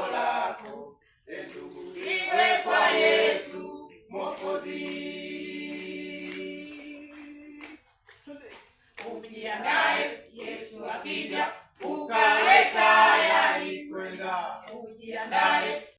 jambo lako iwe kwa Yesu Mwokozi. Yesu akija.